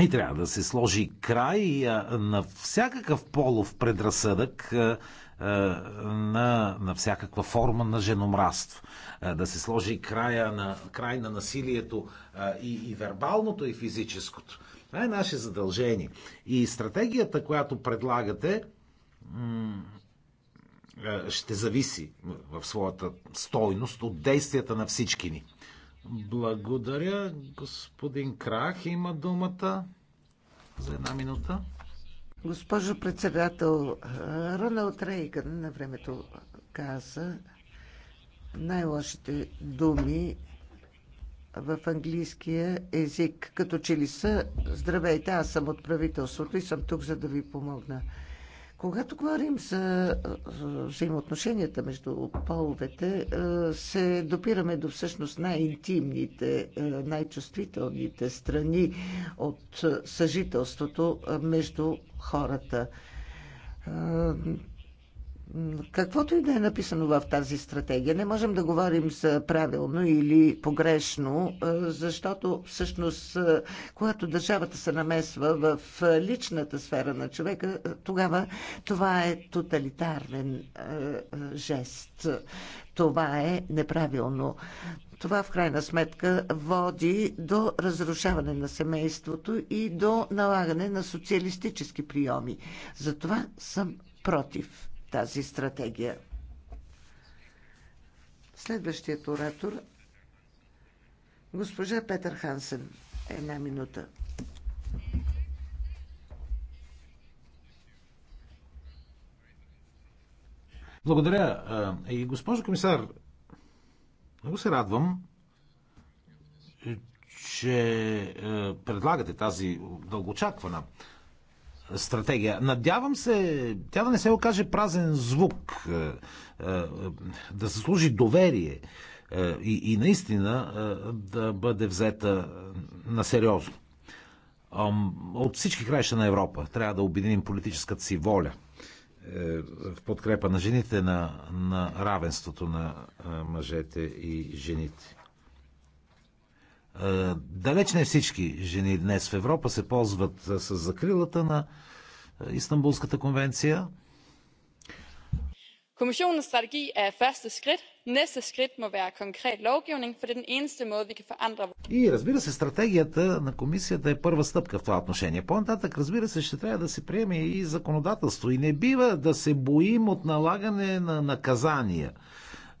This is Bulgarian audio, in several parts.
И трябва да се сложи край на всякакъв полов предразсъдък, на, на всякаква форма на женомраство. Да се сложи края на, край на насилието и, и вербалното, и физическото. Това е наше задължение. И стратегията, която предлагате, ще зависи в своята стойност от действията на всички ни. Благодаря. Господин Крах има думата за една минута. Госпожо председател, Роналд Рейган на времето каза най-лошите думи в английския език, като че ли са Здравейте, аз съм от правителството и съм тук, за да ви помогна. Когато говорим за взаимоотношенията между половете, е, се допираме до всъщност най-интимните, е, най-чувствителните страни от е, съжителството между хората каквото и да е написано в тази стратегия, не можем да говорим за правилно или погрешно, защото всъщност, когато държавата се намесва в личната сфера на човека, тогава това е тоталитарен жест. Това е неправилно. Това в крайна сметка води до разрушаване на семейството и до налагане на социалистически приеми. Затова съм против тази стратегия. Следващият оратор госпожа Петър Хансен. Една минута. Благодаря. И госпожо комисар, много се радвам, че предлагате тази дългоочаквана стратегия. Надявам се тя да не се окаже празен звук, е, е, да се служи доверие е, и, и наистина да бъде взета на сериозно. От всички краища на Европа трябва да обединим политическата си воля в подкрепа на жените, на, на равенството на мъжете и жените. Е, далеч не всички жени днес в Европа се ползват е, с закрилата на е, Истанбулската конвенция. Комисионната стратегия е første скрит. Næste скрит му være конкрет lovgivning, for det er den eneste måde, vi kan forandre. И разбира се, стратегията на комисията е първа стъпка в това отношение. По-нататък, разбира се, ще трябва да се приеме и законодателство. И не бива да се боим от налагане на наказания,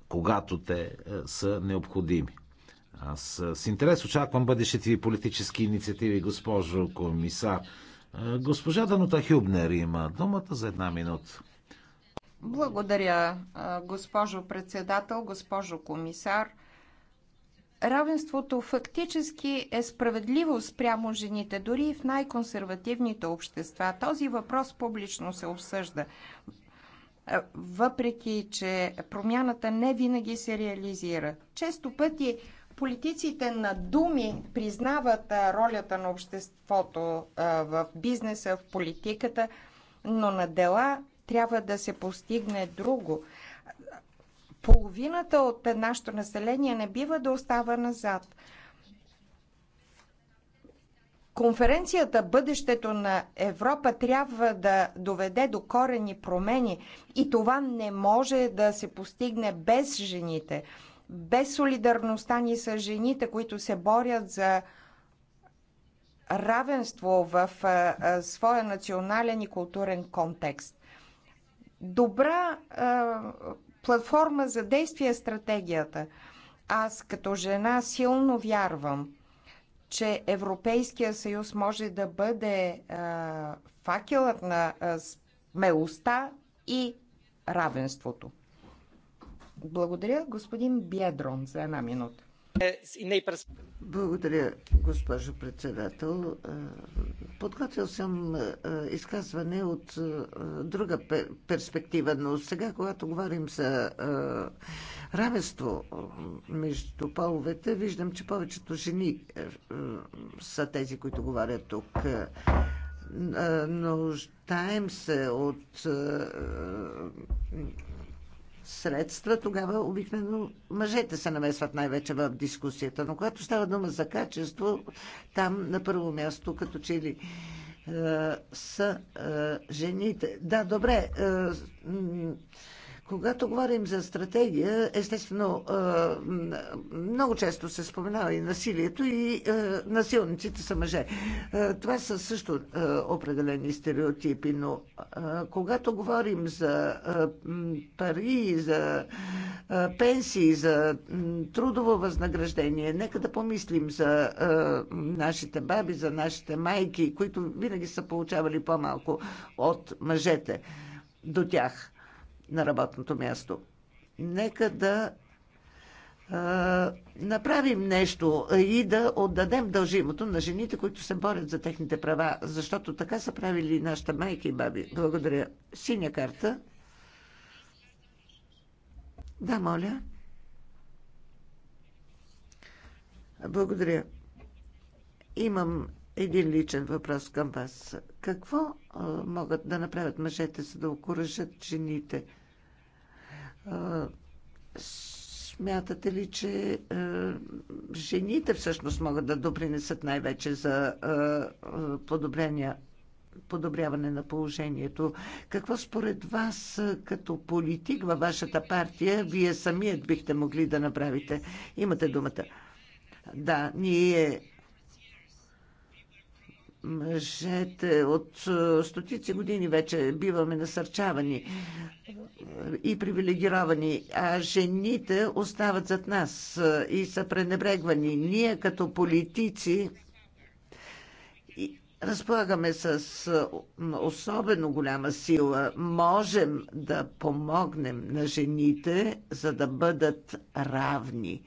когато те са необходими. Аз с интерес очаквам бъдещите ви политически инициативи, госпожо комисар. Госпожа Данута Хюбнер има думата за една минута. Благодаря, госпожо председател, госпожо комисар. Равенството фактически е справедливо спрямо жените, дори и в най-консервативните общества. Този въпрос публично се обсъжда. Въпреки, че промяната не винаги се реализира. Често пъти Политиците на думи признават ролята на обществото в бизнеса, в политиката, но на дела трябва да се постигне друго. Половината от нашето население не бива да остава назад. Конференцията Бъдещето на Европа трябва да доведе до корени промени и това не може да се постигне без жените без солидарността ни с жените, които се борят за равенство в своя национален и културен контекст. Добра платформа за действие е стратегията. Аз като жена силно вярвам, че Европейския съюз може да бъде а, факелът на а, смелостта и равенството. Благодаря, господин Бедрон за една минута. Е, Благодаря, госпожо председател. Е, подготвил съм е, изказване от друга перспектива, но сега, когато говорим за равенство между половете, виждам, че повечето жени са тези, които говорят тук нуждаем се от средства, тогава обикновено мъжете се намесват най-вече в дискусията. Но когато става дума за качество, там на първо място, като че ли е, са е, жените. Да, добре е, когато говорим за стратегия, естествено, много често се споменава и насилието, и насилниците са мъже. Това са също определени стереотипи, но когато говорим за пари, за пенсии, за трудово възнаграждение, нека да помислим за нашите баби, за нашите майки, които винаги са получавали по-малко от мъжете до тях на работното място. Нека да направим нещо и да отдадем дължимото на жените, които се борят за техните права, защото така са правили нашите майки и баби. Благодаря. Синя карта. Да, моля. Благодаря. Имам един личен въпрос към вас. Какво могат да направят мъжете, за да окоръжат жените? Смятате ли, че е, жените всъщност могат да допринесат най-вече за е, подобрения, подобряване на положението? Какво според вас като политик във вашата партия вие самият бихте могли да направите? Имате думата. Да, ние мъжете от е, стотици години вече биваме насърчавани и привилегировани, а жените остават зад нас е, и са пренебрегвани. Ние като политици разполагаме с е, особено голяма сила. Можем да помогнем на жените, за да бъдат равни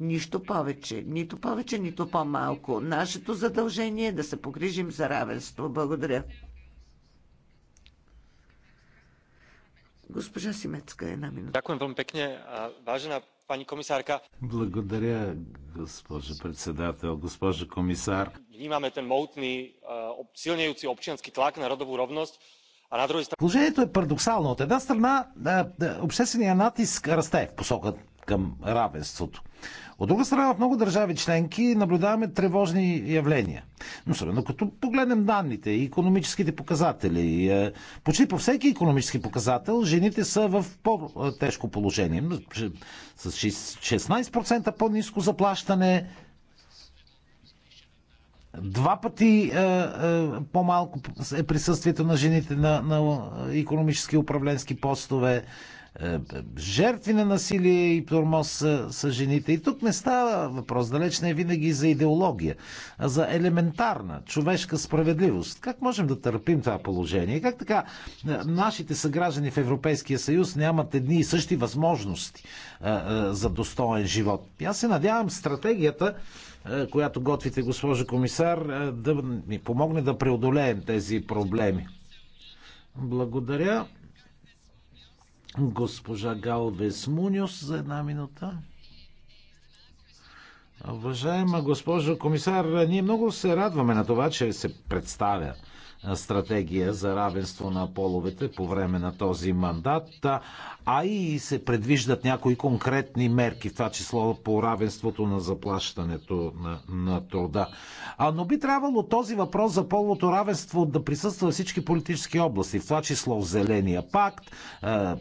Нищо повече, нито повече, нито по-малко. Нашето задължение е да се погрижим за равенство. Благодаря. Госпожа Симецка, една минута. Дякуем вам пекне. Важена пани комисарка. Благодаря, госпожо председател, госпожо комисар. Имаме ten moutný, silnějící общински тлак на родову ровност, а на друга страна... Положението е парадоксално. От една страна, обществения натиск расте в посока към равенството. От друга страна, в много държави членки наблюдаваме тревожни явления. Но особено като погледнем данните и економическите показатели, е, почти по всеки економически показател жените са в по-тежко положение. С 16% по-низко заплащане, два пъти е, е, по-малко е присъствието на жените на, на економически управленски постове. Е, жертви на насилие и тормоз са, са жените. И тук не става въпрос, далеч не е винаги за идеология, а за елементарна човешка справедливост. Как можем да търпим това положение? Как така е, нашите съграждани в Европейския съюз нямат едни и същи възможности е, за достоен живот? аз се надявам стратегията която готвите, госпожо комисар, да ми помогне да преодолеем тези проблеми. Благодаря. Госпожа Галвес Муниос за една минута. Уважаема госпожо комисар, ние много се радваме на това, че се представя стратегия за равенство на половете по време на този мандат, а и се предвиждат някои конкретни мерки, в това число по равенството на заплащането на, на труда. А, но би трябвало този въпрос за половото равенство да присъства във всички политически области, в това число в Зеления пакт,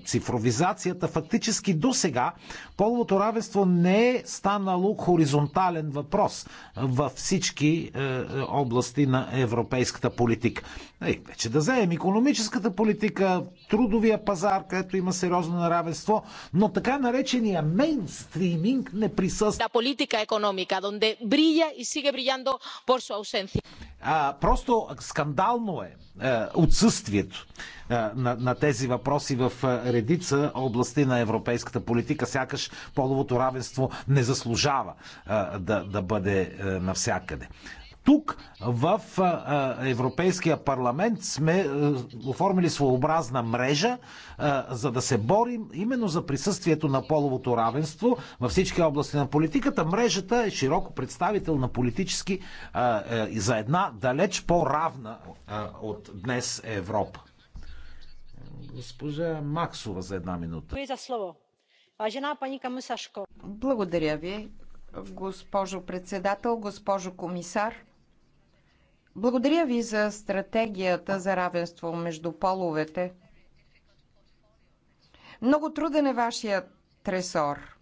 цифровизацията. Фактически до сега половото равенство не е станало хоризонтален въпрос във всички е, е, области на европейската политика. И вече да вземем економическата политика, трудовия пазар, където има сериозно неравенство, но така наречения мейнстриминг не присъства. La политика економика, донде брия и сиге brillando por su аусенция. А, просто скандално е а, е, отсъствието а, е, на, на тези въпроси в а, е, редица области на европейската политика. Сякаш половото равенство не заслужава а, да, да бъде а, навсякъде тук в Европейския парламент сме оформили своеобразна мрежа, за да се борим именно за присъствието на половото равенство във всички области на политиката. Мрежата е широко представител на политически за една далеч по-равна от днес Европа. Госпожа Максова за една минута. Благодаря ви, госпожо председател, госпожо комисар. Благодаря ви за стратегията за равенство между половете. Много труден е вашият тресор,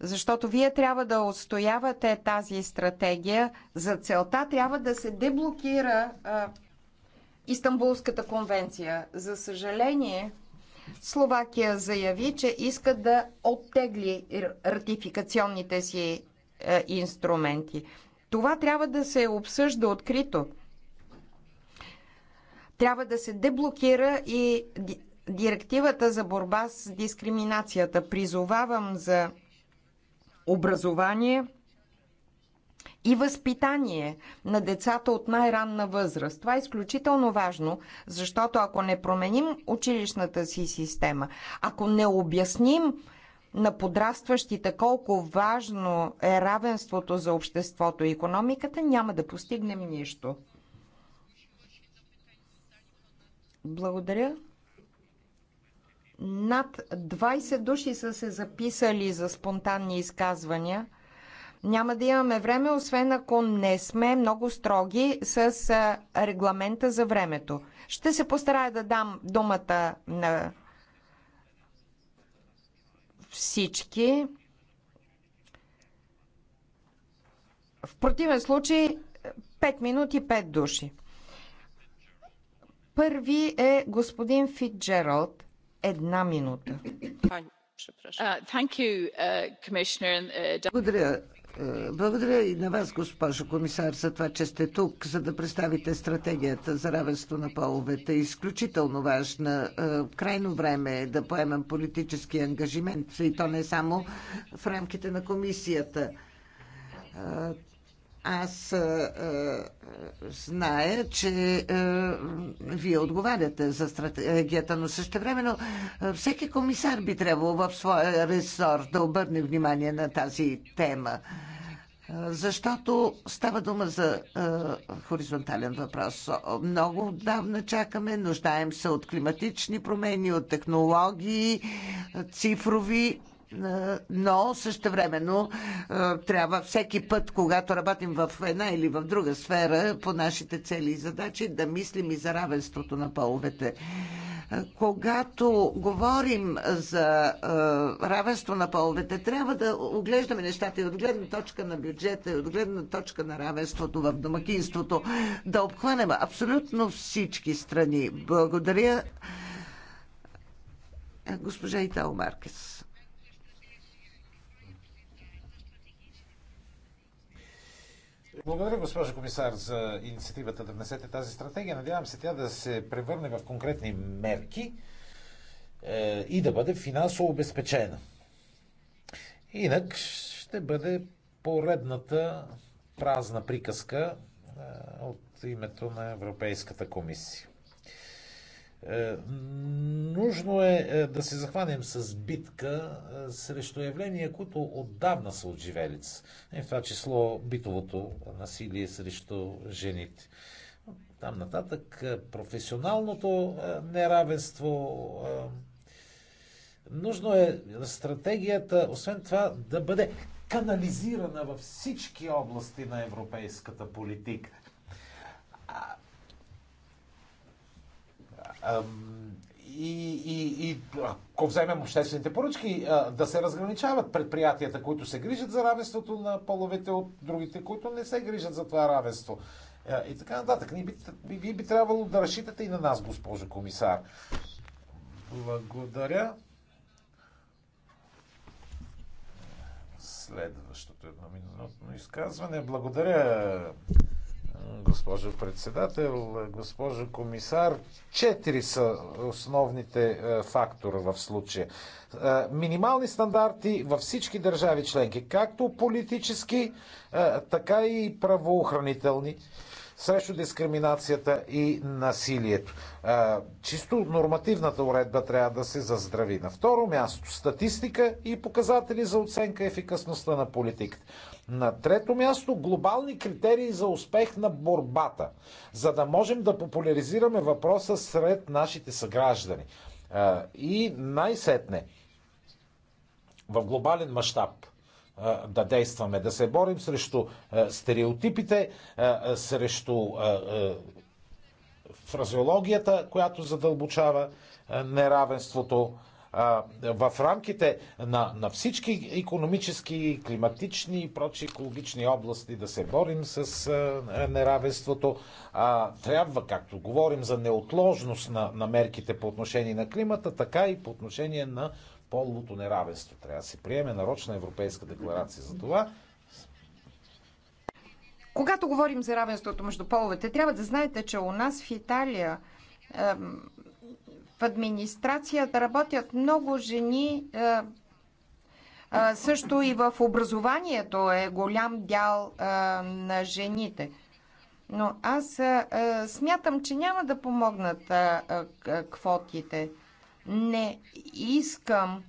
защото вие трябва да отстоявате тази стратегия. За целта трябва да се деблокира а, Истанбулската конвенция. За съжаление, Словакия заяви, че иска да оттегли ратификационните си а, е, инструменти. Това трябва да се обсъжда открито. Трябва да се деблокира и директивата за борба с дискриминацията. Призовавам за образование и възпитание на децата от най-ранна възраст. Това е изключително важно, защото ако не променим училищната си система, ако не обясним на подрастващите колко важно е равенството за обществото и економиката, няма да постигнем нищо. Благодаря. Над 20 души са се записали за спонтанни изказвания. Няма да имаме време, освен ако не сме много строги с регламента за времето. Ще се постарая да дам думата на всички. В противен случай 5 минути 5 души. Първи е господин Фитджералд. Една минута. Uh, uh, uh, Благодаря, е, благодаря и на вас, госпожо комисар, за това, че сте тук, за да представите стратегията за равенство на половете. Изключително важна. Е, крайно време е да поемем политически ангажимент и то не само в рамките на комисията е, аз а, а, зная, че а, вие отговаряте за стратегията, но същевременно времено всеки комисар би трябвало в своя ресор да обърне внимание на тази тема. Защото става дума за е, хоризонтален въпрос. Много отдавна чакаме, нуждаем се от климатични промени, от технологии, цифрови но също времено е, трябва всеки път, когато работим в една или в друга сфера по нашите цели и задачи, да мислим и за равенството на половете. Е, когато говорим за е, равенство на половете, трябва да оглеждаме нещата и от гледна точка на бюджета, и от гледна точка на равенството в домакинството, да обхванем абсолютно всички страни. Благодаря госпожа Итал Маркес. Благодаря, госпожа комисар, за инициативата да внесете тази стратегия. Надявам се тя да се превърне в конкретни мерки е, и да бъде финансово обезпечена. Инак ще бъде поредната празна приказка е, от името на Европейската комисия. Е, нужно е, е да се захванем с битка е, срещу явления, които отдавна са от живелица. в това число битовото насилие срещу жените. Там нататък професионалното неравенство. Нужно е стратегията, освен това, да бъде канализирана във всички области на европейската политика и, и, и ако вземем обществените поръчки, да се разграничават предприятията, които се грижат за равенството на половете от другите, които не се грижат за това равенство. И така нататък. Вие би, би, би трябвало да разчитате и на нас, госпожо комисар. Благодаря. Следващото едноминутно изказване. Благодаря, госпожо председател, госпожо комисар. Четири са основните е, фактора в случая. Е, минимални стандарти във всички държави членки, както политически, е, така и правоохранителни срещу дискриминацията и насилието. Чисто нормативната уредба трябва да се заздрави. На второ място статистика и показатели за оценка ефикасността на политиката. На трето място, глобални критерии за успех на борбата, за да можем да популяризираме въпроса сред нашите съграждани. И най-сетне, в глобален мащаб да действаме, да се борим срещу стереотипите, срещу фразеологията, която задълбочава неравенството, в рамките на, на всички економически, климатични и прочи екологични области да се борим с неравенството. А, трябва, както говорим за неотложност на, на мерките по отношение на климата, така и по отношение на половото неравенство. Трябва да се приеме нарочна европейска декларация за това. Когато говорим за равенството между половете, трябва да знаете, че у нас в Италия в администрацията работят много жени. Е, е, също и в образованието е голям дял е, на жените. Но аз смятам, че няма да помогнат квотите. Не искам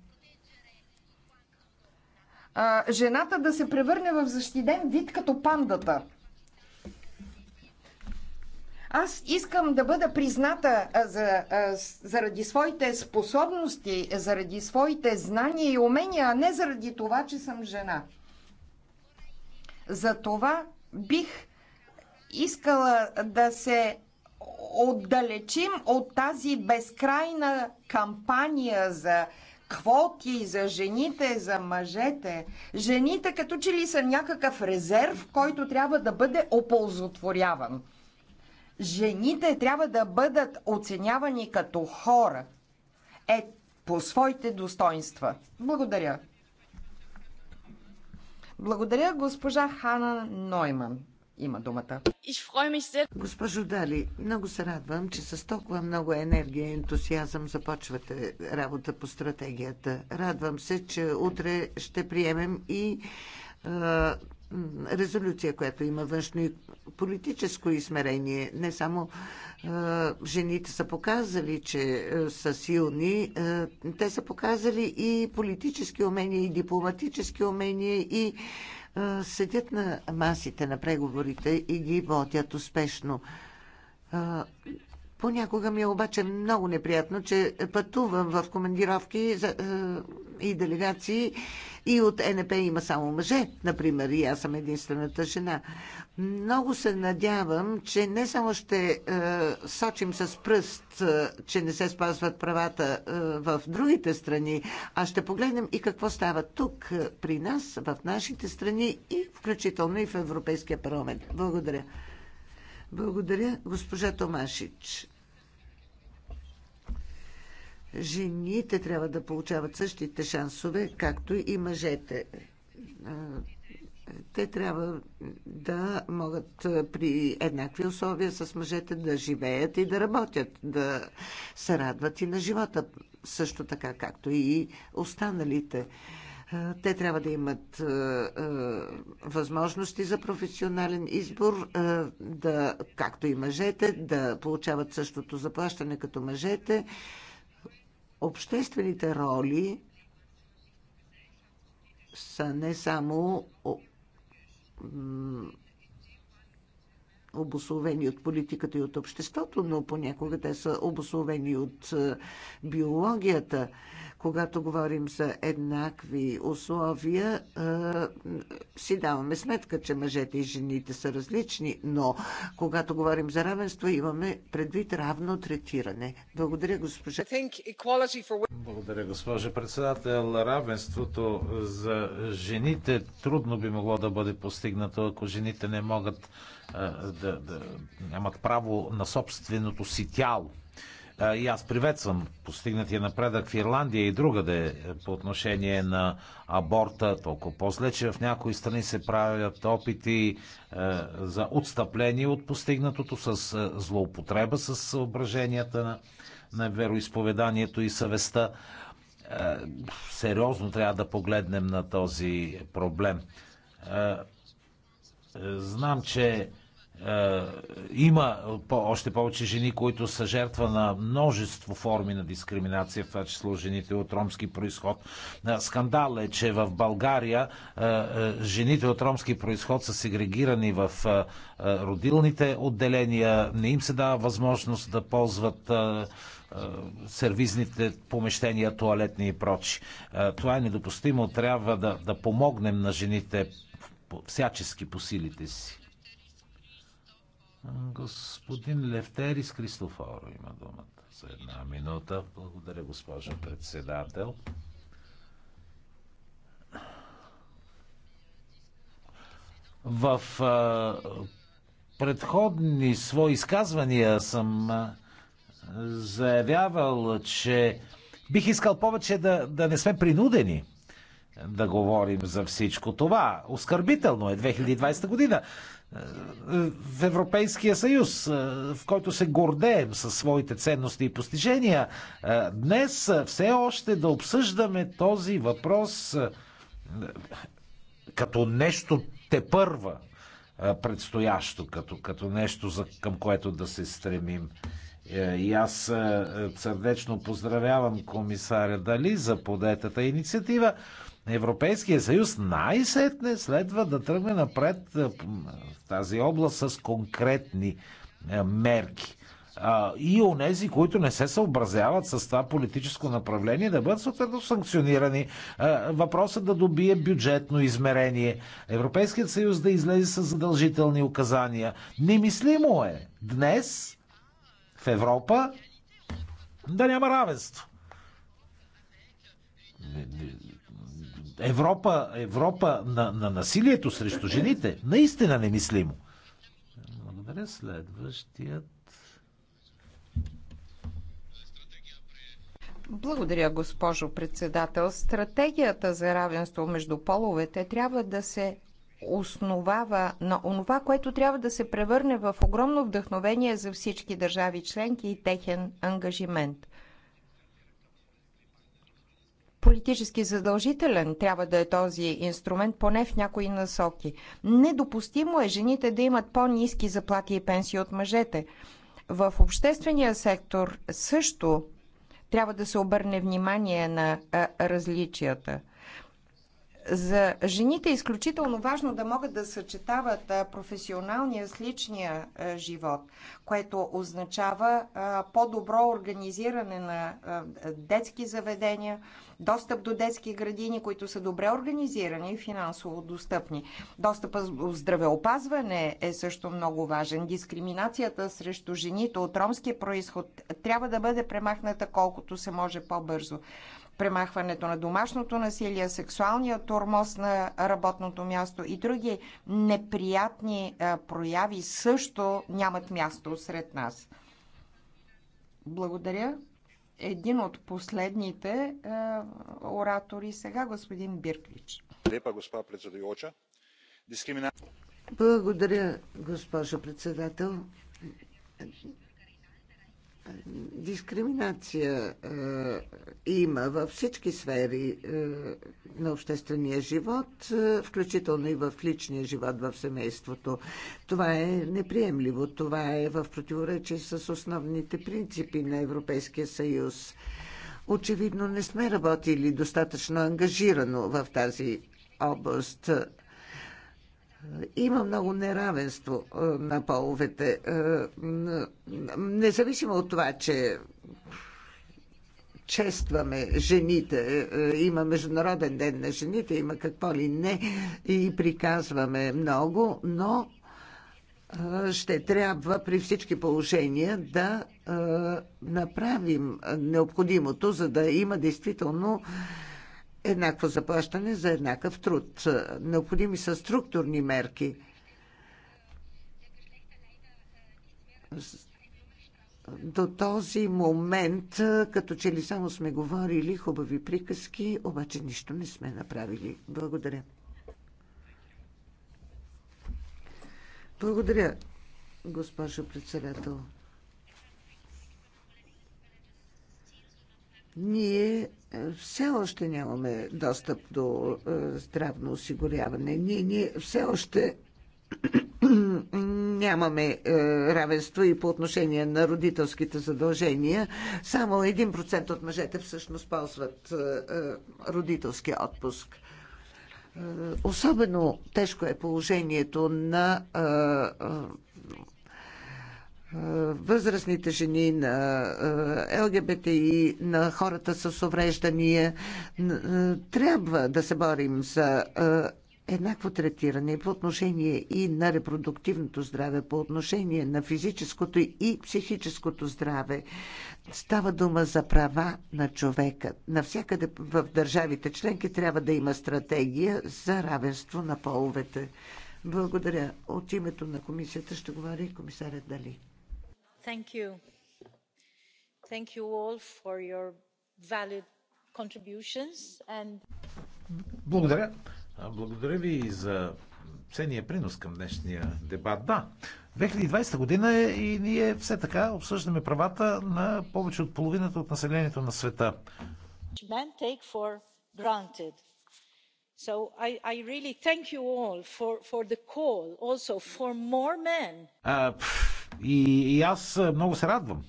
жената да се превърне в защитен вид като пандата. Аз искам да бъда призната за, заради своите способности, заради своите знания и умения, а не заради това, че съм жена. За това бих искала да се отдалечим от тази безкрайна кампания за квоти за жените, за мъжете. Жените като че ли са някакъв резерв, който трябва да бъде оползотворяван. Жените трябва да бъдат оценявани като хора. Е, по своите достоинства. Благодаря. Благодаря, госпожа Хана Нойман. Има думата. Госпожо Дали, много се радвам, че с толкова много енергия и ентусиазъм започвате работа по стратегията. Радвам се, че утре ще приемем и е, резолюция, която има външно и политическо измерение. Не само е, жените са показали, че е, са силни, е, те са показали и политически умения, и дипломатически умения, и е, седят на масите на преговорите и ги водят успешно. Е, Понякога ми е обаче много неприятно, че пътувам в командировки за е, и делегации и от НП има само мъже, например, и аз съм единствената жена. Много се надявам, че не само ще е, сочим с пръст, е, че не се спазват правата е, в другите страни, а ще погледнем и какво става тук, е, при нас, в нашите страни и включително и в Европейския парламент. Благодаря. Благодаря, госпожа Томашич. Жените трябва да получават същите шансове, както и мъжете. Те трябва да могат при еднакви условия с мъжете да живеят и да работят, да се радват и на живота, също така както и останалите. Е, те трябва да имат е, е, възможности за професионален избор, да, както и мъжете, да получават същото заплащане като мъжете. Обществените роли са не само обословени от политиката и от обществото, но понякога те са обословени от биологията когато говорим за еднакви условия, си даваме сметка, че мъжете и жените са различни, но когато говорим за равенство, имаме предвид равно третиране. Благодаря, госпожа. Благодаря, госпожа председател. Равенството за жените трудно би могло да бъде постигнато, ако жените не могат да, да нямат право на собственото си тяло. И аз приветствам постигнатия напредък в Ирландия и другаде по отношение на аборта, толкова по-зле, че в някои страни се правят опити е, за отстъпление от постигнатото с е, злоупотреба с съображенията на, на вероисповеданието и съвестта. Е, сериозно трябва да погледнем на този проблем. Знам, че е, има още повече жени, които са жертва на множество форми на дискриминация, в това число жените от ромски происход. Е, скандал е, че в България е, жените от ромски происход са сегрегирани в родилните отделения, не им се дава възможност да ползват сервизните помещения, туалетни и прочи. Това е недопустимо. Трябва да, да помогнем на жените всячески по силите си. Господин Левтерис Кристофоро има думата за една минута. Благодаря, госпожо председател. В а, предходни свои изказвания съм а, заявявал, че бих искал повече да, да не сме принудени да говорим за всичко това. Оскърбително е 2020 година. Е, в Европейския съюз, е, в който се гордеем със своите ценности и постижения, е, днес все още да обсъждаме този въпрос като нещо те първа предстоящо, като, като нещо, за, към което да се стремим. И аз сърдечно поздравявам комисаря Дали за подетата инициатива. Европейския съюз най-сетне следва да тръгне напред в тази област с конкретни мерки. И онези, които не се съобразяват с това политическо направление, да бъдат съответно санкционирани. Въпросът да добие бюджетно измерение. Европейският съюз да излезе с задължителни указания. Немислимо е днес в Европа да няма равенство Европа, Европа на, на насилието срещу жените. Наистина немислимо. Благодаря. Следващият. Благодаря, госпожо председател. Стратегията за равенство между половете трябва да се основава на онова, което трябва да се превърне в огромно вдъхновение за всички държави членки и техен ангажимент политически задължителен трябва да е този инструмент, поне в някои насоки. Недопустимо е жените да имат по-низки заплати и пенсии от мъжете. В обществения сектор също трябва да се обърне внимание на различията. За жените е изключително важно да могат да съчетават професионалния с личния живот, което означава по-добро организиране на детски заведения, достъп до детски градини, които са добре организирани и финансово достъпни. Достъпът до здравеопазване е също много важен. Дискриминацията срещу жените от ромски происход трябва да бъде премахната колкото се може по-бързо премахването на домашното насилие, сексуалния тормоз на работното място и други неприятни прояви също нямат място сред нас. Благодаря един от последните е, оратори сега, господин Бирклич. Лепа, госпожа председателка. Дискримина... Благодаря, госпожо председател дискриминация е, има във всички сфери е, на обществения живот, е, включително и в личния живот в семейството. Това е неприемливо. Това е в противоречие с основните принципи на Европейския съюз. Очевидно не сме работили достатъчно ангажирано в тази област има много неравенство е, на половете. Е, независимо от това, че честваме жените, е, има Международен ден на жените, има какво ли не и приказваме много, но ще трябва при всички положения да направим необходимото, за да има действително еднакво заплащане за еднакъв труд. Необходими са структурни мерки. До този момент, като че ли само сме говорили хубави приказки, обаче нищо не сме направили. Благодаря. Благодаря, госпожо председател. Ние е, все още нямаме достъп до е, здравно осигуряване. Ние, ние все още нямаме е, равенство и по отношение на родителските задължения. Само 1% от мъжете всъщност ползват родителски отпуск. Особено тежко е положението на възрастните жени, на ЛГБТИ, на хората с увреждания. Трябва да се борим за еднакво третиране по отношение и на репродуктивното здраве, по отношение на физическото и психическото здраве. Става дума за права на човека. Навсякъде в държавите членки трябва да има стратегия за равенство на половете. Благодаря. От името на комисията ще говори комисарят Дали thank you. Thank you all for your valid contributions and... Благодаря. Благодаря ви за ценния принос към днешния дебат. Да, 2020 година е и ние все така обсъждаме правата на повече от половината от населението на света. So I, и, и аз е, много се радвам,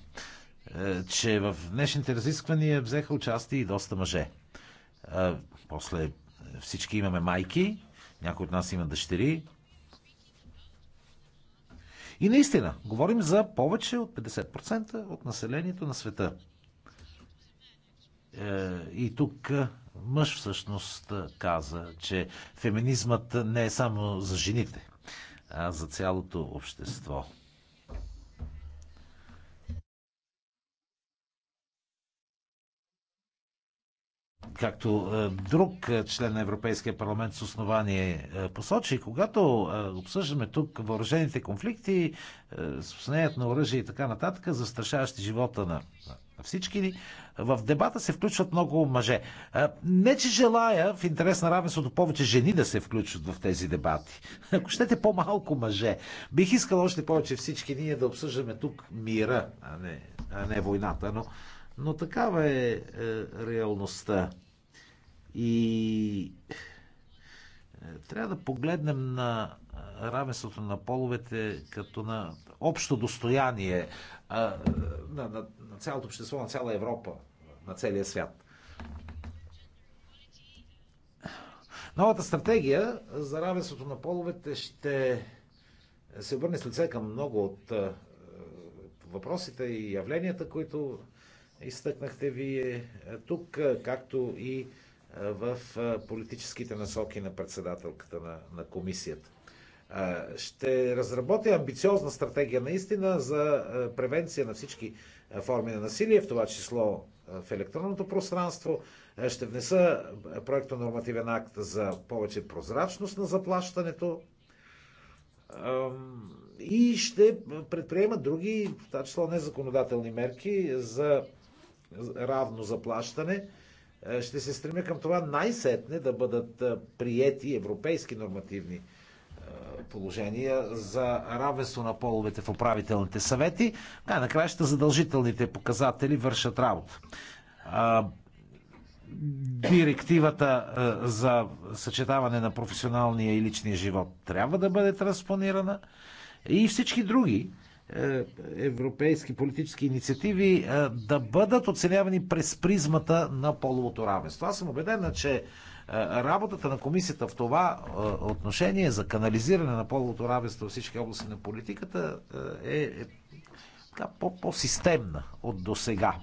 е, че в днешните разисквания взеха участие и доста мъже. Е, после всички имаме майки, някои от нас имат дъщери. И наистина, говорим за повече от 50% от населението на света. И тук мъж всъщност каза, че феминизмът не е само за жените, а за цялото общество. Както е, друг е, член на Европейския парламент с основание е, посочи, когато обсъждаме тук въоръжените конфликти, съснението на оръжие и така нататък, застрашаващи живота на всички ни, в дебата се включват много мъже. Не, че желая в интерес на равенството повече жени да се включват в тези дебати. Ако щете по-малко мъже, бих искал още повече всички ние да обсъждаме тук мира, а не, а не войната. Но, но такава е, е реалността. И е, трябва да погледнем на е, равенството на половете като на общо достояние е, на, на, на цялото общество, на цяла Европа, на целия свят. Новата стратегия за равенството на половете ще се обърне с лице към много от въпросите и явленията, които изтъкнахте вие тук, както и в политическите насоки на председателката на, на комисията. Ще разработя амбициозна стратегия наистина за превенция на всички форми на насилие, в това число в електронното пространство. Ще внеса проекто нормативен акт за повече прозрачност на заплащането и ще предприема други, в това число незаконодателни мерки за равно заплащане – е, ще се стремя към това най-сетне да бъдат е, приети европейски нормативни е, положения за равенство на половете в управителните съвети. Край накрая ще задължителните показатели вършат работа. Директивата за съчетаване на професионалния и личния живот трябва да бъде транспонирана и всички други е, европейски политически инициативи е, да бъдат оценявани през призмата на половото равенство. Аз съм убедена, че е, работата на комисията в това отношение за канализиране на половото равенство във всички области на политиката е, така по-системна -по от досега.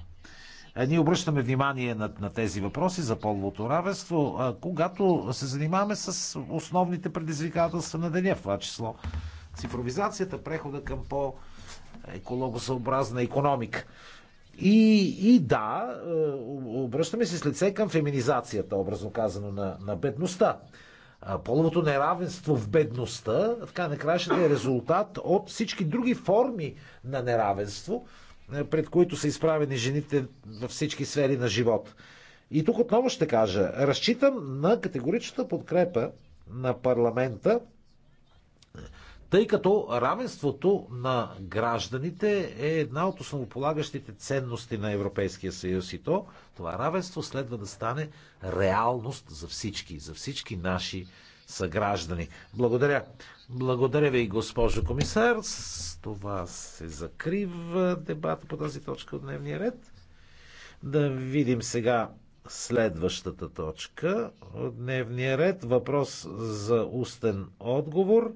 Ние обръщаме внимание на, на тези въпроси за половото равенство, когато се занимаваме с основните предизвикателства на деня, в това число цифровизацията, прехода към по- екологосъобразна економика. И, и да, е, обръщаме се с лице към феминизацията, образно казано, на, на бедността. Половото неравенство в бедността, така накрая ще е резултат от всички други форми на неравенство, е, пред които са изправени жените във всички сфери на живот. И тук отново ще кажа, разчитам на категоричната подкрепа на парламента тъй като равенството на гражданите е една от основополагащите ценности на Европейския съюз и то, това равенство следва да стане реалност за всички, за всички наши съграждани. Благодаря. Благодаря ви, госпожо комисар. С това се закрива дебата по тази точка от дневния ред. Да видим сега следващата точка от дневния ред. Въпрос за устен отговор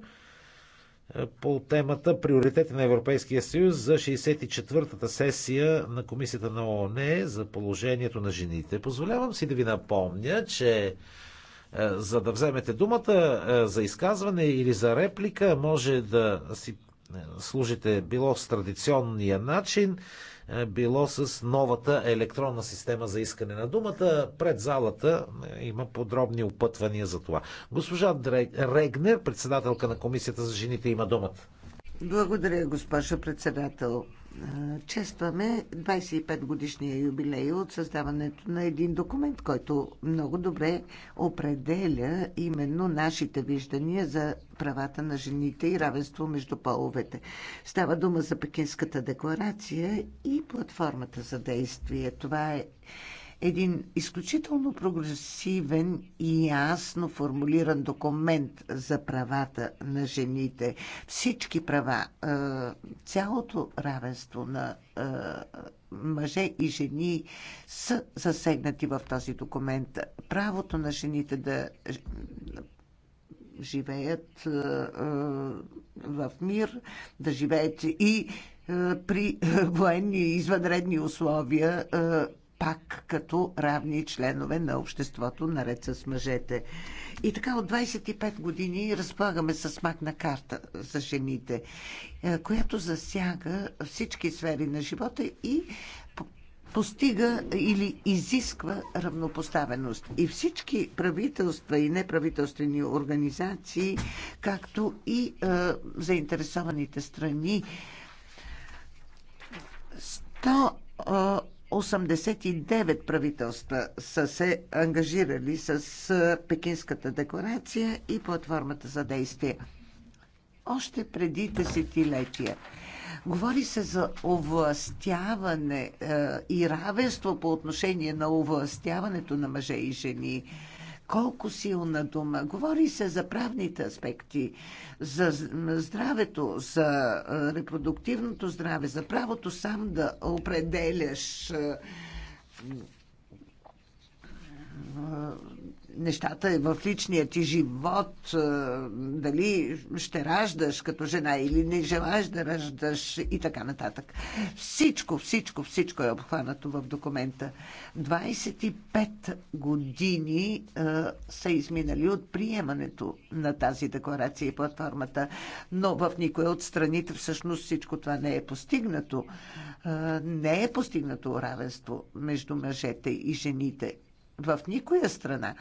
по темата Приоритети на Европейския съюз за 64-та сесия на Комисията на ООН за положението на жените. Позволявам си да ви напомня, че е, за да вземете думата е, за изказване или за реплика, може да си е, служите било с традиционния начин, е, било с новата електронна система за искане на думата. Пред залата е, има подробни опътвания за това. Госпожа Регнер, председателка на Комисията за жените, има думата. Благодаря, госпожа председател честваме 25 годишния юбилей от създаването на един документ, който много добре определя именно нашите виждания за правата на жените и равенство между половете. Става дума за Пекинската декларация и платформата за действие. Това е един изключително прогресивен и ясно формулиран документ за правата на жените. Всички права, цялото равенство на мъже и жени са засегнати в този документ. Правото на жените да живеят в мир, да живеят и при военни извънредни условия пак като равни членове на обществото, наред с мъжете. И така от 25 години разполагаме с магна карта за жените, е, която засяга всички сфери на живота и постига или изисква равнопоставеност. И всички правителства и неправителствени организации, както и е, заинтересованите страни, 100 89 правителства са се ангажирали с Пекинската декларация и платформата за действие. Още преди десетилетия. Говори се за овластяване и равенство по отношение на овластяването на мъже и жени колко силна дума. Говори се за правните аспекти, за здравето, за репродуктивното здраве, за правото сам да определяш нещата е в личния ти живот, е, дали ще раждаш като жена или не желаеш да раждаш и така нататък. Всичко, всичко, всичко е обхванато в документа. 25 години е, са изминали от приемането на тази декларация и платформата, но в никоя от страните всъщност всичко това не е постигнато. Е, не е постигнато равенство между мъжете и жените в никоя страна.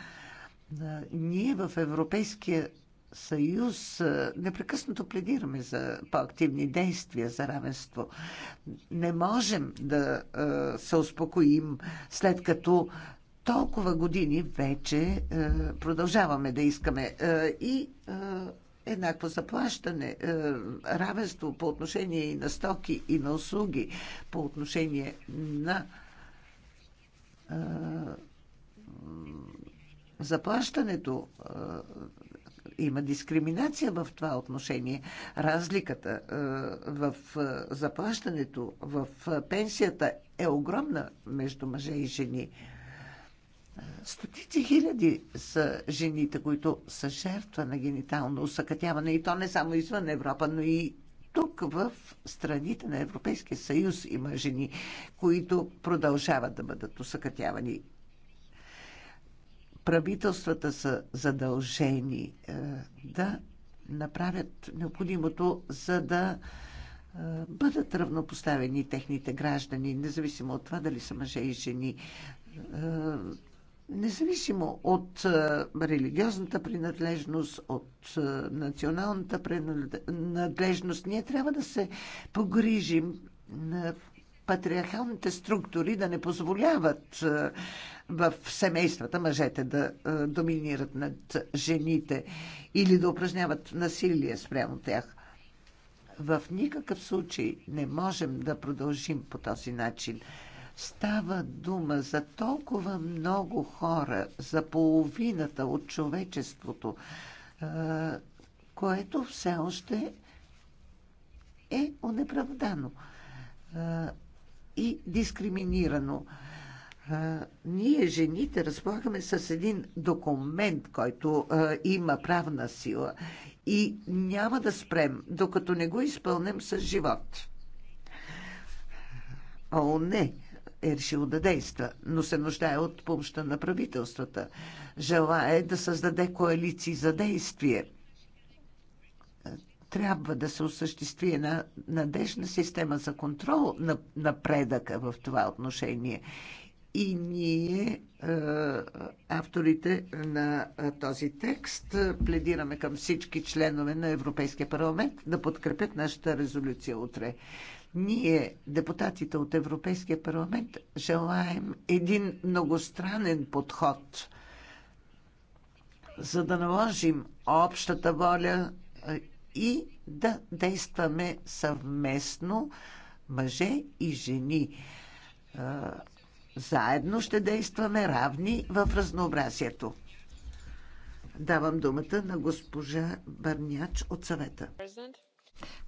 Ние в Европейския съюз непрекъснато пледираме за по-активни действия за равенство. Не можем да се успокоим след като толкова години вече продължаваме да искаме и еднакво заплащане, равенство по отношение и на стоки, и на услуги, по отношение на заплащането е, има дискриминация в това отношение. Разликата е, в е, заплащането, в пенсията е огромна между мъже и жени. Стотици хиляди са жените, които са жертва на генитално усъкътяване и то не само извън Европа, но и тук в страните на Европейския съюз има жени, които продължават да бъдат усъкътявани правителствата са задължени е, да направят необходимото, за да е, бъдат равнопоставени техните граждани, независимо от това дали са мъже и жени. Е, независимо от религиозната принадлежност, от националната принадлежност, ние трябва да се погрижим патриархалните структури да не позволяват е, в семействата мъжете да е, доминират над жените или да упражняват насилие спрямо тях. В никакъв случай не можем да продължим по този начин. Става дума за толкова много хора, за половината от човечеството, е, което все още е унеправдано и дискриминирано. Ние, жените, разполагаме с един документ, който има правна сила и няма да спрем, докато не го изпълним с живот. О, не! е решил да действа, но се нуждае от помощта на правителствата. Желае да създаде коалиции за действие – трябва да се осъществи една надежна система за контрол на напредъка в това отношение. И ние, е, авторите на е, този текст, е, пледираме към всички членове на Европейския парламент да подкрепят нашата резолюция утре. Ние, депутатите от Европейския парламент, желаем един многостранен подход, за да наложим общата воля и да действаме съвместно, мъже и жени. Заедно ще действаме равни в разнообразието. Давам думата на госпожа Барняч от съвета.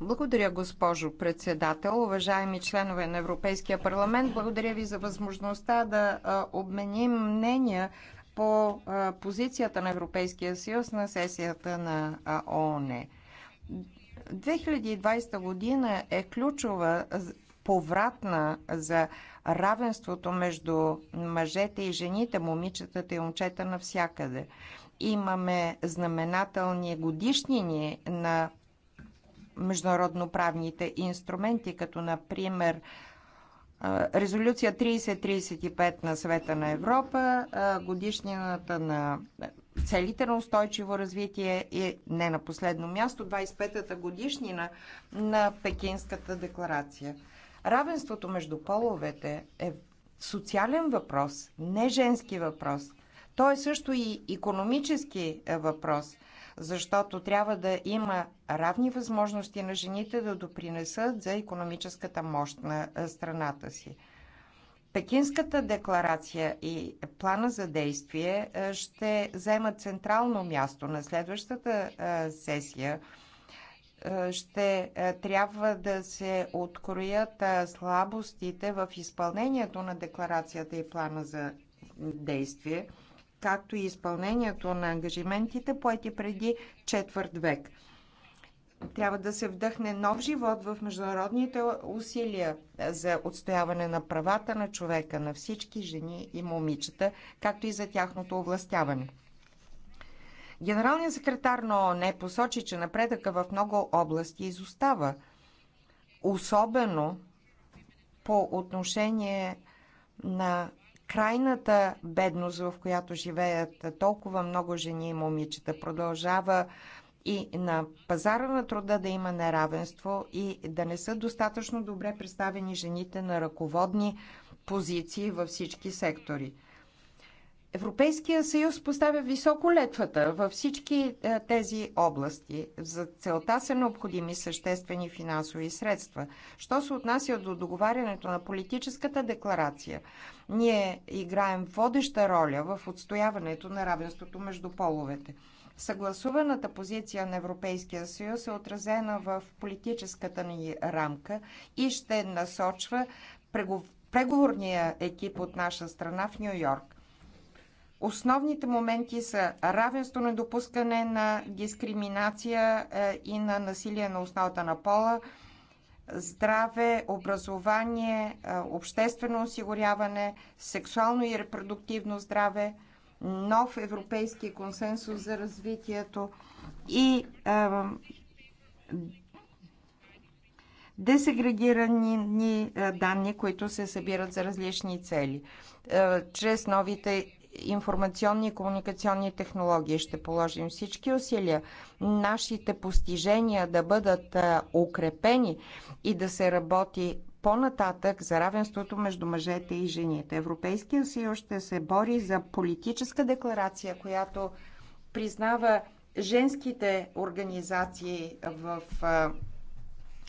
Благодаря, госпожо председател. Уважаеми членове на Европейския парламент, благодаря ви за възможността да обменим мнения по позицията на Европейския съюз на сесията на ООН. 2020 година е ключова повратна за равенството между мъжете и жените, момичетата и момчета навсякъде. Имаме знаменателни годишнини на международноправните инструменти, като например резолюция 3035 на Света на Европа, годишнината на целите на устойчиво развитие и не на последно място 25-та годишнина на Пекинската декларация. Равенството между половете е социален въпрос, не женски въпрос. Той е също и економически е, въпрос, защото трябва да има равни възможности на жените да допринесат за економическата мощ на е, страната си. Пекинската декларация и плана за действие е, ще вземат централно място на следващата е, сесия. Е, ще трябва да се откроят слабостите в изпълнението на декларацията и плана за действие, както и изпълнението на ангажиментите, поети преди четвърт век. Трябва да се вдъхне нов живот в международните усилия за отстояване на правата на човека, на всички жени и момичета, както и за тяхното овластяване. Генералният секретар на ООН посочи, че напредъка в много области изостава, особено по отношение на крайната бедност, в която живеят толкова много жени и момичета. Продължава и на пазара на труда да има неравенство и да не са достатъчно добре представени жените на ръководни позиции във всички сектори. Европейския съюз поставя високо летвата във всички е, тези области. За целта са необходими съществени финансови средства. Що се отнася до договарянето на политическата декларация, ние играем водеща роля в отстояването на равенството между половете. Съгласуваната позиция на Европейския съюз е отразена в политическата ни рамка и ще насочва преговорния екип от наша страна в Нью Йорк. Основните моменти са равенство на допускане на дискриминация е, и на насилие на основата на пола, здраве, образование, е, обществено осигуряване, сексуално и репродуктивно здраве, нов европейски консенсус за развитието и а, десегрегирани данни, които се събират за различни цели. А, чрез новите информационни и комуникационни технологии ще положим всички усилия нашите постижения да бъдат укрепени и да се работи по-нататък за равенството между мъжете и жените. Европейския съюз ще се бори за политическа декларация, която признава женските организации в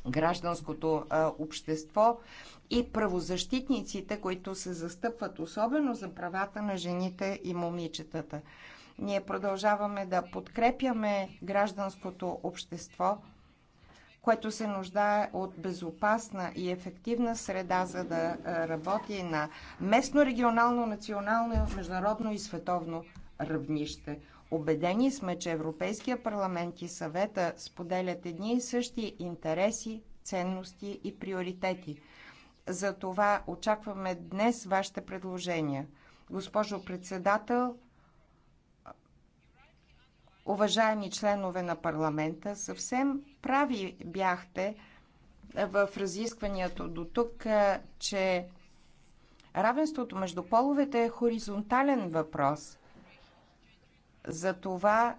гражданското общество и правозащитниците, които се застъпват особено за правата на жените и момичетата. Ние продължаваме да подкрепяме гражданското общество – което се нуждае от безопасна и ефективна среда, за да работи на местно, регионално, национално, международно и световно равнище. Обедени сме, че Европейския парламент и съвета споделят едни и същи интереси, ценности и приоритети. Затова очакваме днес вашите предложения. Госпожо председател, уважаеми членове на парламента, съвсем прави бяхте в разискванията до тук, че равенството между половете е хоризонтален въпрос. Затова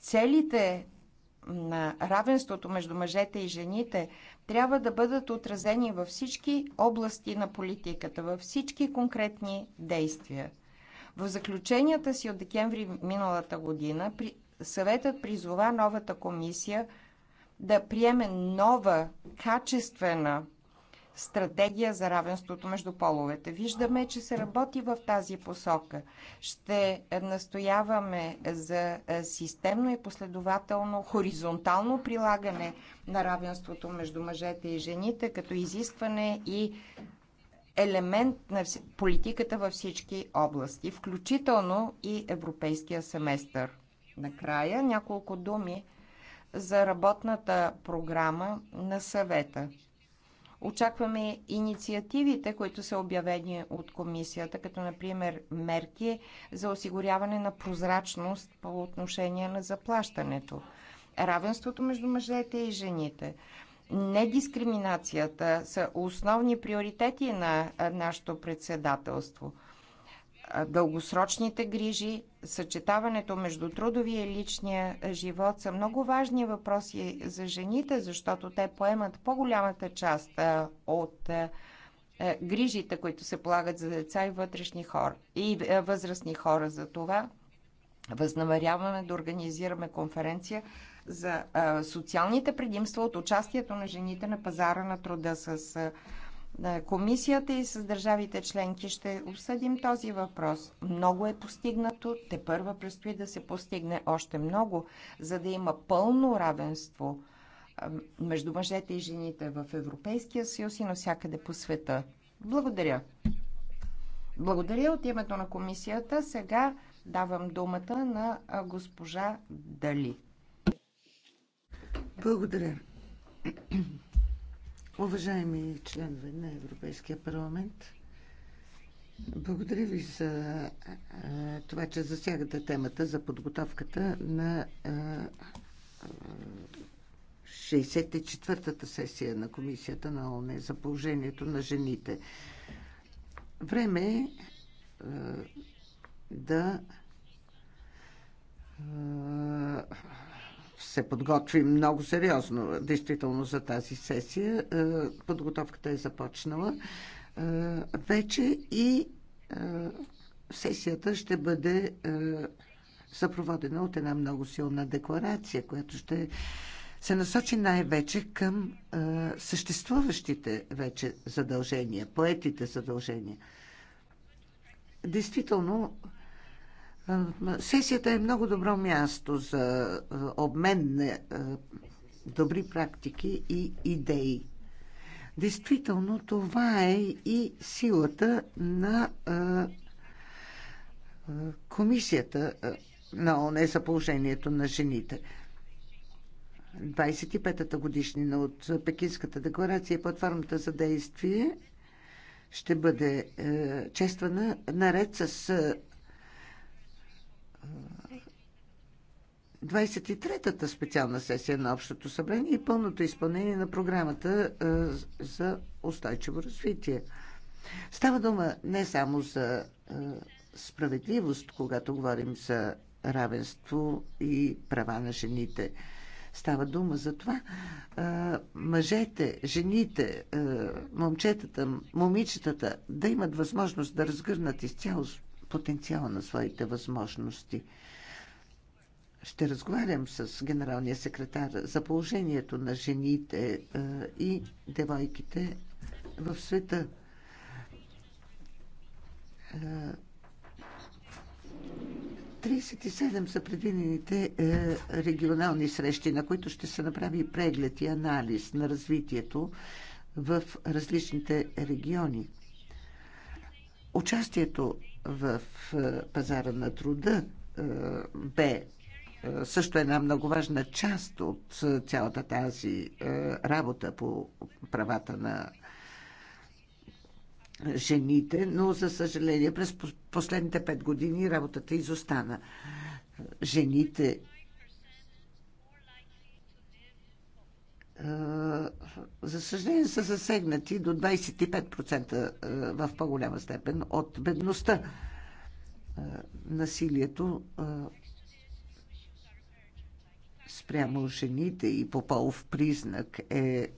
целите на равенството между мъжете и жените трябва да бъдат отразени във всички области на политиката, във всички конкретни действия – в заключенията си от декември миналата година при... съветът призова новата комисия да приеме нова, качествена стратегия за равенството между половете. Виждаме, че се работи в тази посока. Ще настояваме за системно и последователно хоризонтално прилагане на равенството между мъжете и жените, като изискване и елемент на политиката във всички области, включително и европейския семестър. Накрая няколко думи за работната програма на съвета. Очакваме инициативите, които са обявени от комисията, като например мерки за осигуряване на прозрачност по отношение на заплащането, равенството между мъжете и жените, недискриминацията са основни приоритети на нашето председателство. Дългосрочните грижи, съчетаването между трудовия и личния живот са много важни въпроси за жените, защото те поемат по-голямата част от грижите, които се полагат за деца и вътрешни хора и възрастни хора. За това възнамеряваме да организираме конференция за социалните предимства от участието на жените на пазара на труда с комисията и с държавите членки ще обсъдим този въпрос. Много е постигнато, те първа предстои да се постигне още много, за да има пълно равенство между мъжете и жените в Европейския съюз и навсякъде по света. Благодаря. Благодаря от името на комисията. Сега давам думата на госпожа Дали. Благодаря. Уважаеми членове на Европейския парламент, благодаря ви за това, че засягате темата за подготовката на 64-та сесия на Комисията на ОНЕ за положението на жените. Време е да се подготви много сериозно, действително, за тази сесия. Е, подготовката е започнала е, вече и е, сесията ще бъде съпроводена от една много силна декларация, която ще се насочи най-вече към съществуващите вече задължения, поетите задължения. Действително, Сесията е много добро място за е, обмен на е, добри практики и идеи. Действително, това е и силата на е, комисията на ОНЕ за положението на жените. 25-та годишнина от Пекинската декларация и платформата за действие ще бъде е, чествана наред с 23-та специална сесия на Общото събрание и пълното изпълнение на програмата за устойчиво развитие. Става дума не само за справедливост, когато говорим за равенство и права на жените. Става дума за това мъжете, жените, момчетата, момичетата да имат възможност да разгърнат изцяло потенциала на своите възможности. Ще разговарям с генералния секретар за положението на жените е, и девойките в света. 37 е, са предвидените е, регионални срещи, на които ще се направи преглед и анализ на развитието в различните региони. Участието в е, пазара на труда е, бе е, също една много важна част от цялата тази работа по правата на жените, но за съжаление през последните пет години работата изостана. Жените Е, за съжаление са засегнати до 25% е, в по-голяма степен от бедността. Е, насилието спрямо жените и по полов признак е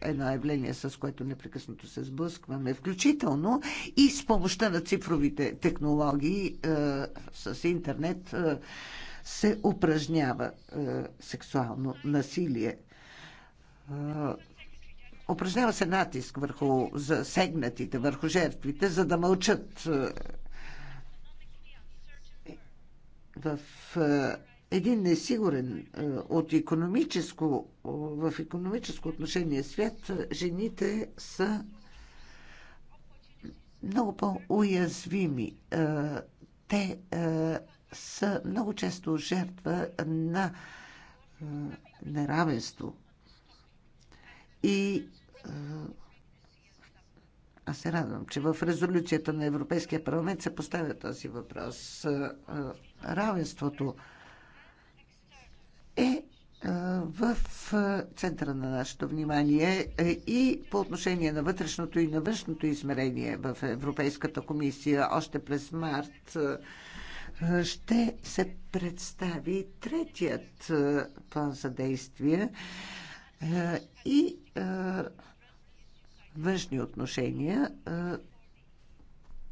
едно явление, с което непрекъснато се сблъскваме, включително и с помощта на цифровите технологии, с интернет се упражнява сексуално насилие упражнява се натиск върху засегнатите, върху жертвите, за да мълчат. В един несигурен от економическо, в економическо отношение свят, жените са много по-уязвими. Те са много често жертва на неравенство и аз се радвам, че в резолюцията на Европейския парламент се поставя този въпрос. Равенството е в центъра на нашето внимание е, и по отношение на вътрешното и на външното измерение в Европейската комисия още през март ще се представи третият план за действие е, и е, външни отношения, е,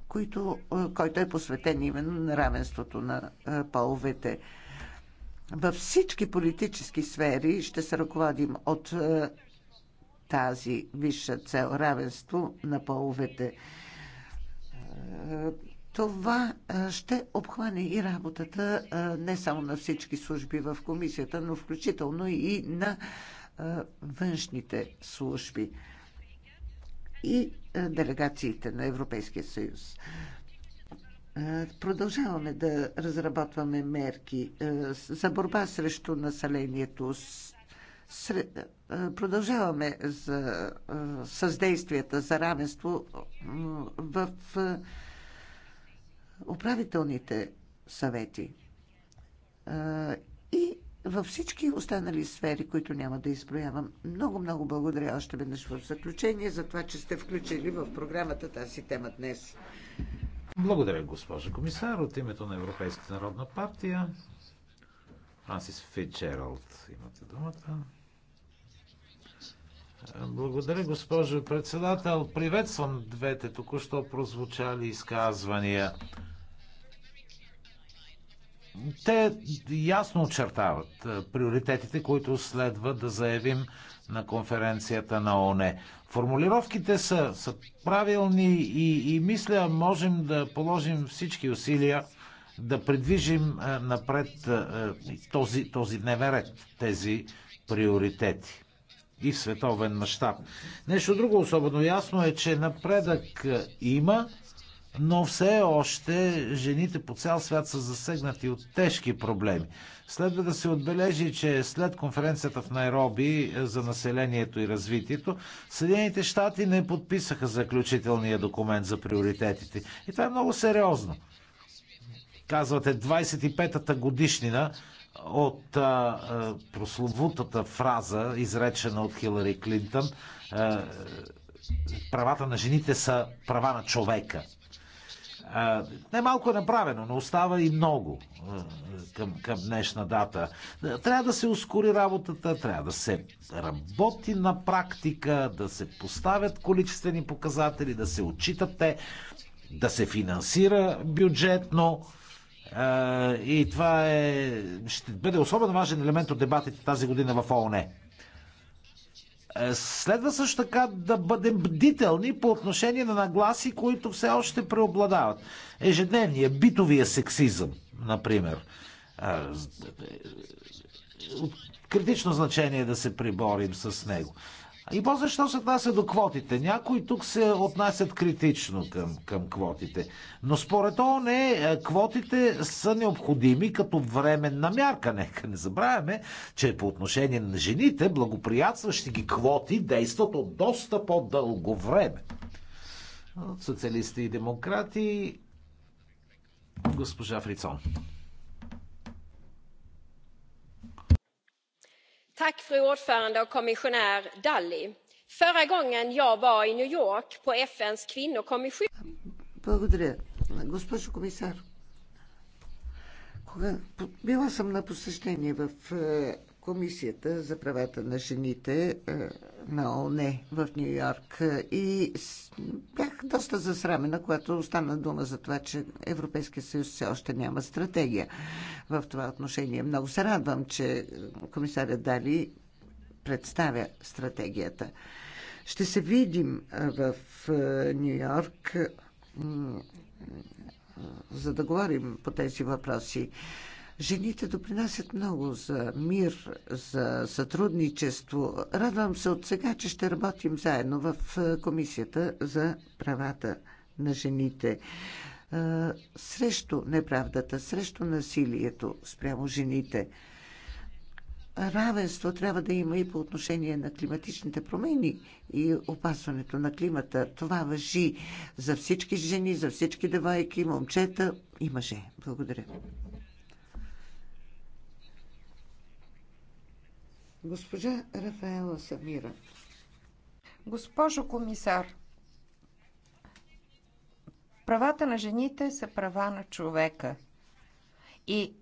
които, който е посветен именно на равенството на половете. Във всички политически сфери ще се ръководим от тази висша цел равенство на половете. Това ще обхване и работата не само на всички служби в комисията, но включително и на външните служби и делегациите на Европейския съюз. Продължаваме да разработваме мерки за борба срещу населението. Продължаваме за създействията за равенство в управителните съвети. И във всички останали сфери, които няма да изброявам. Много, много благодаря още веднъж в заключение за това, че сте включили в програмата тази тема днес. Благодаря, госпожа комисар. От името на Европейската народна партия Франсис Фитчералд Имате думата. Благодаря, госпожо председател. Приветствам двете току-що прозвучали изказвания. Те ясно очертават е, приоритетите, които следва да заявим на конференцията на ОНЕ. Формулировките са, са правилни и, и мисля, можем да положим всички усилия да придвижим е, напред е, този, този дневен ред, тези приоритети и в световен мащаб. Нещо друго особено ясно е, че напредък има, но все още жените по цял свят са засегнати от тежки проблеми. Следва да се отбележи, че след конференцията в Найроби е, за населението и развитието, Съединените щати не подписаха заключителния документ за приоритетите. И това е много сериозно. Казвате 25-та годишнина от а, а, прословутата фраза, изречена от Хилари Клинтън, а, правата на жените са права на човека. Най-малко е направено, но остава и много към, към днешна дата. Трябва да се ускори работата, трябва да се работи на практика, да се поставят количествени показатели, да се отчитат те, да се финансира бюджетно. И това е, ще бъде особено важен елемент от дебатите тази година в ООН. Е, следва също така да бъдем бдителни по отношение на нагласи, които все още преобладават. Ежедневния, битовия сексизъм, например. Е, е, критично значение е да се приборим с него. И после, що се отнася до квотите? Някои тук се отнасят критично към, към квотите. Но според това не квотите са необходими като временна мярка. Нека не забравяме, че по отношение на жените, благоприятстващи ги квоти действат от доста по-дълго време. социалисти и демократи, госпожа Фрицон. fru talman! Kommissionär Dalli! Förra gången jag var i New York på FNs kvinnokommission... Благодаря. Госпожо комисар, кога... била съм на посещение в е, Комисията за правата на жените е, на ОНЕ в Нью Йорк и бях доста засрамена, когато остана дума за това, че Европейския съюз все още няма стратегия в това отношение. Много се радвам, че комисаря Дали представя стратегията. Ще се видим в Нью Йорк, за да говорим по тези въпроси. Жените допринасят много за мир, за сътрудничество. Радвам се от сега, че ще работим заедно в е, Комисията за правата на жените. Е, срещу неправдата, срещу насилието спрямо жените. Равенство трябва да има и по отношение на климатичните промени и опасването на климата. Това въжи за всички жени, за всички девайки, момчета и мъже. Благодаря. Госпожа Рафаела Самира. Госпожо комисар, правата на жените са права на човека. И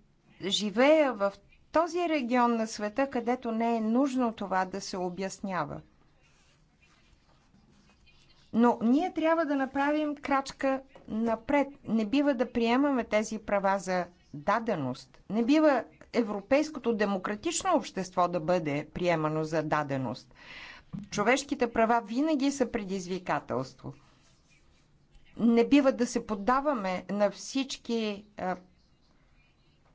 живея в този регион на света, където не е нужно това да се обяснява. Но ние трябва да направим крачка напред. Не бива да приемаме тези права за даденост. Не бива европейското демократично общество да бъде приемано за даденост. Човешките права винаги са предизвикателство. Не бива да се поддаваме на всички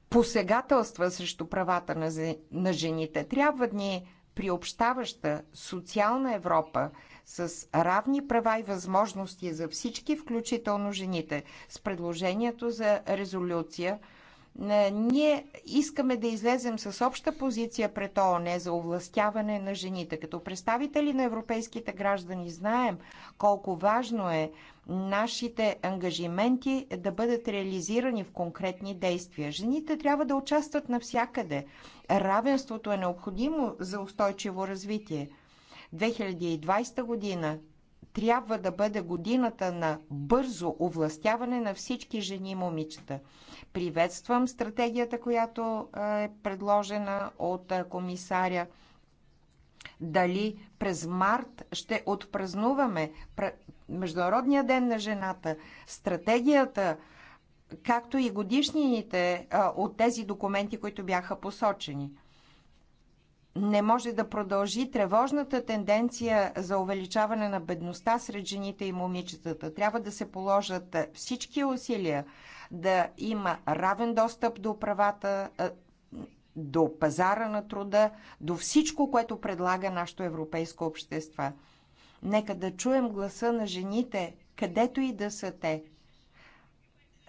посегателства срещу правата на, на жените. Трябва ни приобщаваща социална Европа с равни права и възможности за всички, включително жените. С предложението за резолюция е, ние искаме да излезем с обща позиция пред ООН за овластяване на жените. Като представители на европейските граждани знаем колко важно е нашите ангажименти да бъдат реализирани в конкретни действия. Жените трябва да участват навсякъде. Равенството е необходимо за устойчиво развитие. 2020 година трябва да бъде годината на бързо овластяване на всички жени и момичета. Приветствам стратегията, която е предложена от комисаря. Дали през март ще отпразнуваме Международния ден на жената, стратегията, както и годишнините от тези документи, които бяха посочени – не може да продължи тревожната тенденция за увеличаване на бедността сред жените и момичетата. Трябва да се положат е, всички усилия да има равен достъп до правата, е, до пазара на труда, до всичко, което предлага нашето европейско общество. Нека да чуем гласа на жените, където и да са те,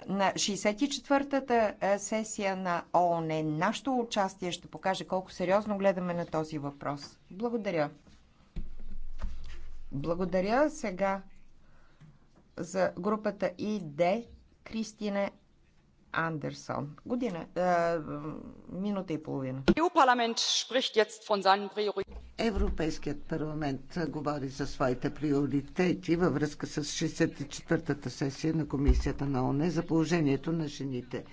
на 64-та е, сесия на ООН е нашето участие ще покаже колко сериозно гледаме на този въпрос. Благодаря. Благодаря сега за групата ИД Кристина Андерсон. Година, а, е, минута и половина. Европейският парламент говори за своите приоритети във връзка с 64-та сесия на Комисията на ОНЕ за положението на жените.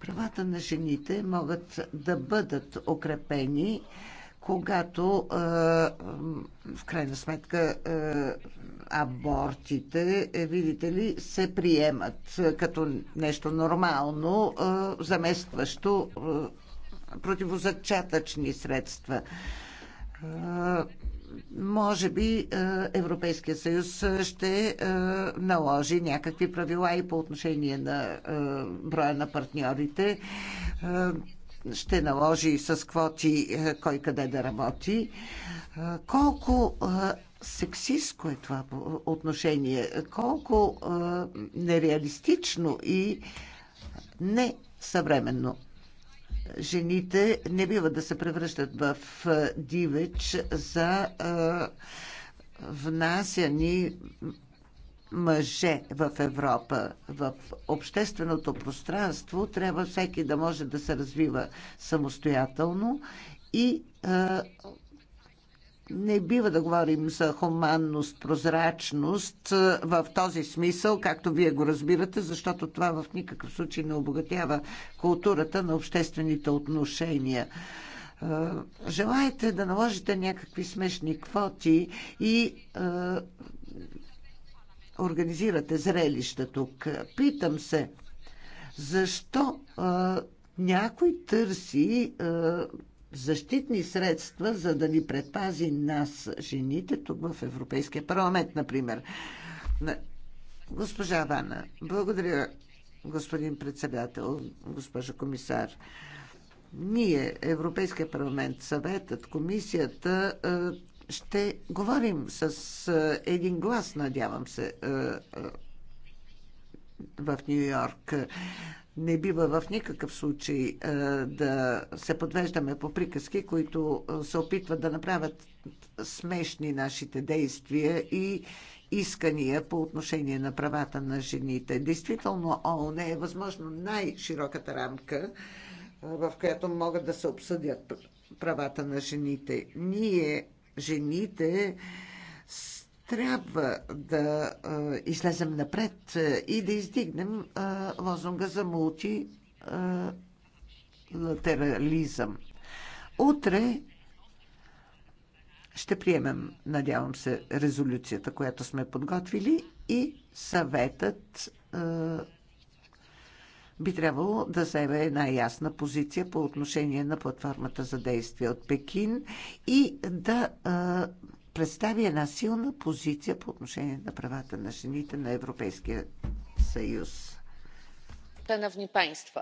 Правата на жените могат да бъдат укрепени когато в крайна сметка абортите, е, видите ли, се приемат като нещо нормално, заместващо противозачатъчни средства. Може би Европейския съюз ще наложи някакви правила и по отношение на броя на партньорите ще наложи и с квоти е, кой къде да работи. Е, колко е, сексистко е това отношение, колко нереалистично и несъвременно. Жените не бива да се превръщат в дивеч за внасяни мъже в Европа, в общественото пространство, трябва всеки да може да се развива самостоятелно и а, не бива да говорим за хуманност, прозрачност в този смисъл, както вие го разбирате, защото това в никакъв случай не обогатява културата на обществените отношения желаете да наложите някакви смешни квоти и организирате зрелища тук. Питам се, защо а, някой търси а, защитни средства, за да ни предпази нас, жените, тук в Европейския парламент, например. Госпожа Вана, благодаря, господин председател, госпожа комисар. Ние, Европейския парламент, съветът, комисията, ще говорим с е, един глас, надявам се, е, е, в Нью Йорк. Не бива в никакъв случай да се подвеждаме по приказки, които се опитват да направят смешни нашите действия и искания по отношение на правата на жените. Действително, ООН е възможно най-широката рамка, в която могат да се обсъдят правата на жените. Ние жените трябва да а, излезем напред и да издигнем а, лозунга за мултилатерализъм. Утре ще приемем, надявам се, резолюцията, която сме подготвили и съветът а, би трябвало да заеме една ясна позиция по отношение на платформата за действие от Пекин и да а, представи една силна позиция по отношение на правата на жените на Европейския съюз.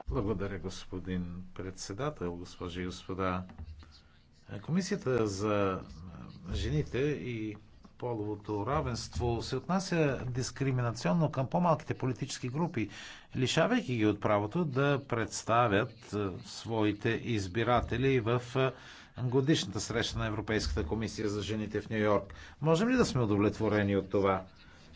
Благодаря, господин председател, госпожи и господа. Комисията за жените и половото равенство се отнася дискриминационно към по-малките политически групи, лишавайки ги от правото да представят е, своите избиратели в е, годишната среща на Европейската комисия за жените в Нью Йорк. Можем ли да сме удовлетворени от това?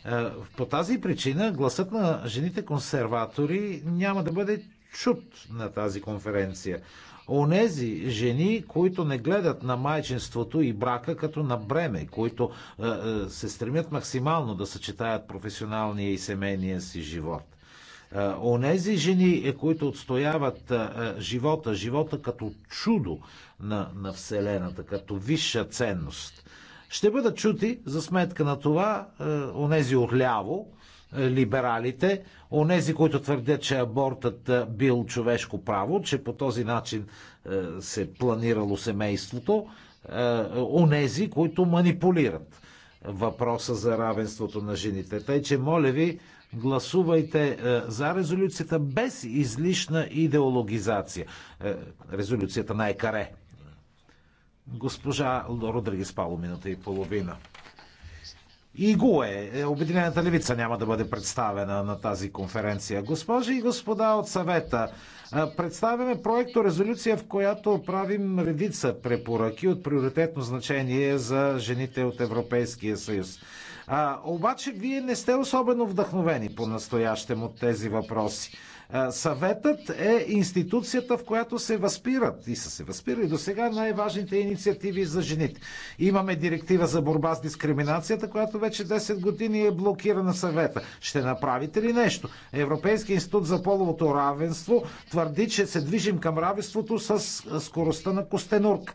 Е, по тази причина гласът на жените консерватори няма да бъде чут на тази конференция онези жени, които не гледат на майчинството и брака като на бреме, които е, е, се стремят максимално да съчетаят професионалния и семейния си живот. Е, онези жени, които отстояват живота, живота като чудо на, на Вселената, като висша ценност, ще бъдат чути за сметка на това онези отляво, либералите, Онези, които твърдят, че абортът бил човешко право, че по този начин се планирало семейството, онези, които манипулират въпроса за равенството на жените. Тъй, че моля ви, гласувайте за резолюцията без излишна идеологизация. Резолюцията на Екаре. Госпожа Родригес Пало, минута и половина. И го е, е, Обединената левица няма да бъде представена на тази конференция. Госпожи и господа от съвета, представяме проекто резолюция, в която правим редица препоръки от приоритетно значение за жените от Европейския съюз. А, обаче вие не сте особено вдъхновени по настоящем от тези въпроси. Съветът е институцията, в която се възпират и са се възпирали до сега най-важните инициативи за жените. Имаме директива за борба с дискриминацията, която вече 10 години е блокирана съвета. Ще направите ли нещо? Европейски институт за половото равенство твърди, че се движим към равенството с скоростта на Костенурк.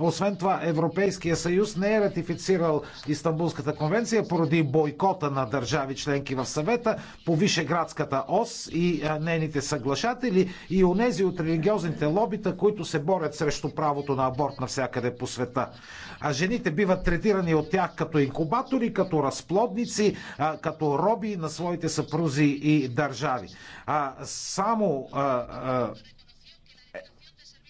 Освен това, Европейския съюз не е ратифицирал Истанбулската конвенция поради бойкота на държави членки в съвета по Вишеградската ос и нейните съглашатели и онези от религиозните лобита, които се борят срещу правото на аборт навсякъде по света. А жените биват третирани от тях като инкубатори, като разплодници, като роби на своите съпрузи и държави. А само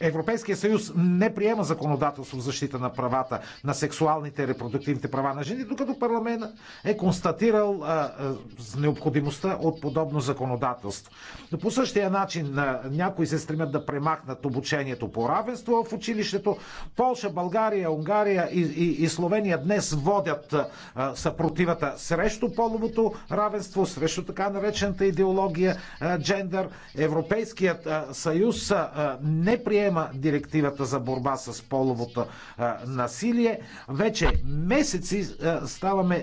Европейския съюз не приема законодателство в защита на правата на сексуалните и репродуктивните права на жени, докато парламент е констатирал а, а, необходимостта от подобно законодателство. Но по същия начин а, някои се стремят да премахнат обучението по равенство в училището. Полша, България, Унгария и, и, и Словения днес водят а, съпротивата срещу половото равенство, срещу така наречената идеология а, джендър. Европейският а, съюз а, не приема приема директивата за борба с половото насилие. Вече месеци ставаме